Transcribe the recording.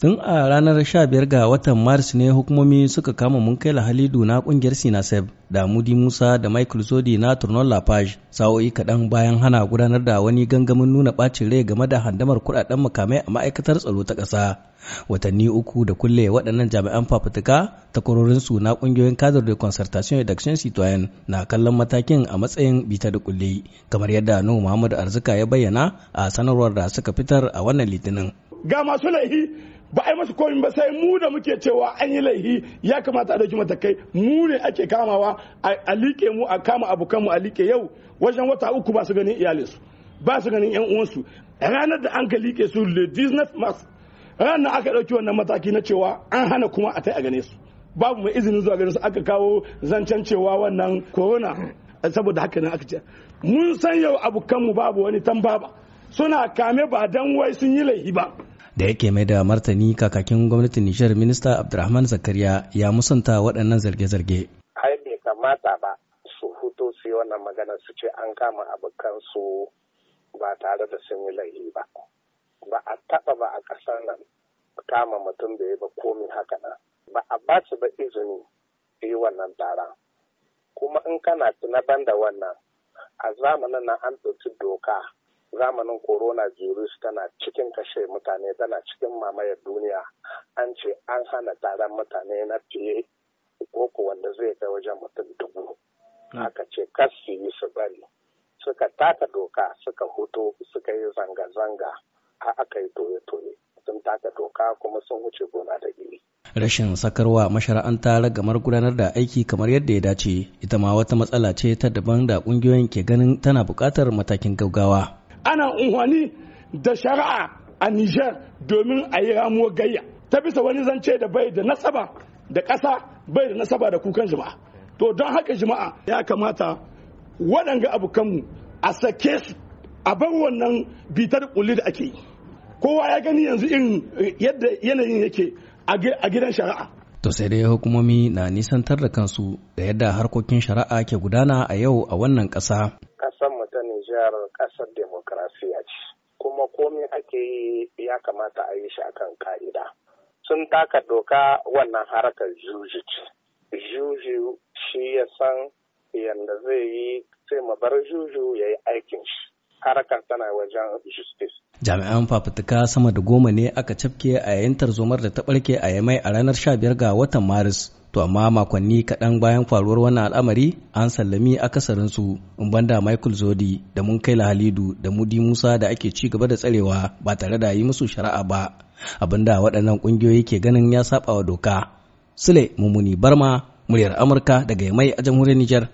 tun a ranar 15 ga watan maris ne hukumomi suka kama mun la halidu na kungiyar sinasef da mudi musa da michael zodi na turnon lafage sa'o'i kaɗan bayan hana gudanar da wani gangamin nuna ɓacin rai game da handamar kuɗaɗen makamai a ma'aikatar tsaro ta ƙasa watanni uku da kulle waɗannan jami'an fafutuka takwarorinsu na ƙungiyoyin kadar da concertation et d'action citoyen na kallon matakin a matsayin bita da kulle kamar yadda nu muhammadu arzika ya bayyana a sanarwar da suka fitar a wannan litinin ga masu laifi ba a yi masu komi ba sai mu da muke cewa an yi laihi ya kamata a dauki matakai mu ne ake kamawa a liƙe mu a kama abokanmu a liƙe yau wajen wata uku ba su ganin iyalinsu ba su ganin yan uwansu ranar da an ka liƙe su le business mars ranar aka ɗauki wannan mataki na cewa an hana kuma a tai a gane su babu mai izinin zuwa ganin su aka kawo zancen cewa wannan corona saboda haka nan aka ce mun san yau abokanmu babu wani tambaba suna kame ba dan wai sun yi laihi ba da yake mai da martani kakakin gwamnatin nijar minista abdulrahman zakariya ya musanta waɗannan zarge-zarge ai bai kamata ba su fito su yi wannan magana su ce an kama abokan su ba tare da sun yi laifi ba ba a taɓa ba a ƙasar nan kama mutum da ya ba komi haka nan ba a ba su ba izini yi wannan taron. kuma in kana tuna banda wannan a zamanin nan an ɗauki doka zamanin Corona virus tana cikin kashe mutane tana cikin mamayar duniya an ce an hana taron mutane na fiye koko wanda zai kai wajen mutum dubu hmm. aka ce kas su yi su bari suka taka doka suka huto suka yi zanga-zanga a aka yi toye-toye sun taka doka kuma sun wuce gona da gini. Rashin sakarwa mashara'anta ragamar gudanar da aiki kamar yadda ya dace ita ma wata matsala ce ta daban da ƙungiyoyin ke ganin tana buƙatar matakin gaggawa. ana unhwani da shari'a a Nijar domin a yi ramuwa gayya ta bisa wani zance da bai da nasaba da ƙasa bai da nasaba da kukan jama'a to don haka jama'a ya kamata waɗanga abu kanmu a sake su a bar wannan bitar ƙulli da ake yi kowa ya gani yanzu irin yadda yanayin yake a gidan shari'a To sai dai hukumomi na nisantar da kansu da yadda harkokin shari'a ke gudana a yau a wannan ƙasa jihar ƙasar demokrasiya ce kuma komai ake yi ya kamata a yi shi akan ka'ida sun taka doka wannan harkar juji ce juju shi ya san yadda zai yi sai mu bar juju ya yi aikin shi harkar tana wajen justice. Jami'an fafutuka sama da goma ne aka cafke a yayin tarzomar da ta ɓarke a Yamai a ranar 15 ga watan Maris To amma makonni kaɗan bayan faruwar wannan al'amari an sallami akasarinsu in banda Michael Zodi da mun kai Halidu da Mudi Musa da ake ci gaba da tsarewa ba tare da yi musu shari'a ba abinda waɗannan ƙungiyoyi ke ganin ya saba wa doka. Sule Mumuni Barma muryar Amurka daga Yamai a jamhuriyar Nijar.